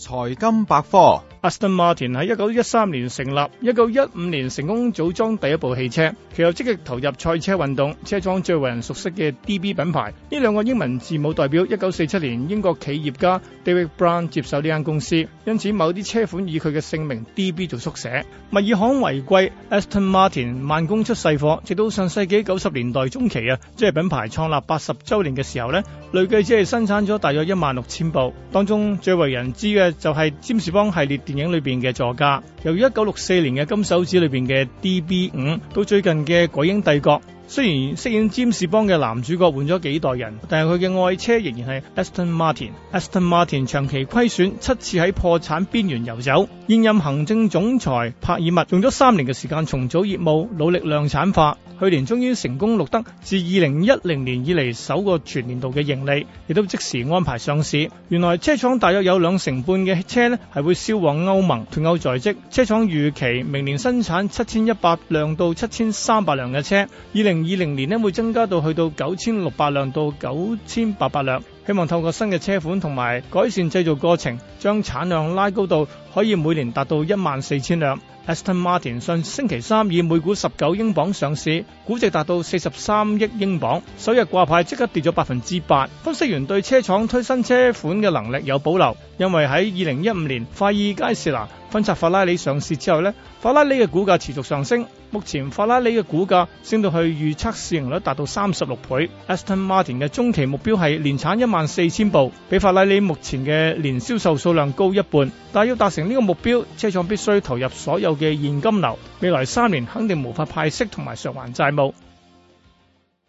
財經百科。Aston Martin 喺一九一三年成立，一九一五年成功組裝第一部汽車，其後積極投入賽車運動，車廠最為人熟悉嘅 DB 品牌，呢兩個英文字母代表一九四七年英國企業家 David Brown 接手呢間公司，因此某啲車款以佢嘅姓名 DB 做縮寫。物以罕為貴，Aston Martin 慢工出細貨，直到上世紀九十年代中期啊，即係品牌創立八十周年嘅時候咧，累計只係生產咗大約一萬六千部，當中最為人知嘅就係占士邦系列。電影裏邊嘅座駕，由於一九六四年嘅《金手指》裏邊嘅 DB 五，到最近嘅《鬼影帝國》。雖然飾演占士邦嘅男主角換咗幾代人，但係佢嘅愛車仍然係 Aston Martin。Aston Martin 長期虧損，七次喺破產邊緣游走。現任行政總裁帕爾默用咗三年嘅時間重組業務，努力量產化。去年終於成功錄得自2010年以嚟首個全年度嘅盈利，亦都即時安排上市。原來車廠大約有兩成半嘅車呢係會銷往歐盟，脱歐在即，車廠預期明年生產七千一百輛到七千三百輛嘅車。二零二零年呢，會增加到去到九千六百輛到九千八百輛。希望透過新嘅車款同埋改善製造過程，將產量拉高到可以每年達到一萬四千輛。Aston Martin 上星期三以每股十九英鎊上市，估值達到四十三億英鎊。首日掛牌即刻跌咗百分之八。分析員對車廠推新車款嘅能力有保留，因為喺二零一五年快意佳士拿分拆法拉利上市之後呢，法拉利嘅股價持續上升，目前法拉利嘅股價升到去預測市盈率達到三十六倍。Aston Martin 嘅中期目標係年產一萬四千部，比法拉利利目前嘅年銷售數量高一半。但要達成呢個目標，車廠必須投入所有嘅現金流，未來三年肯定無法派息同埋償還債務。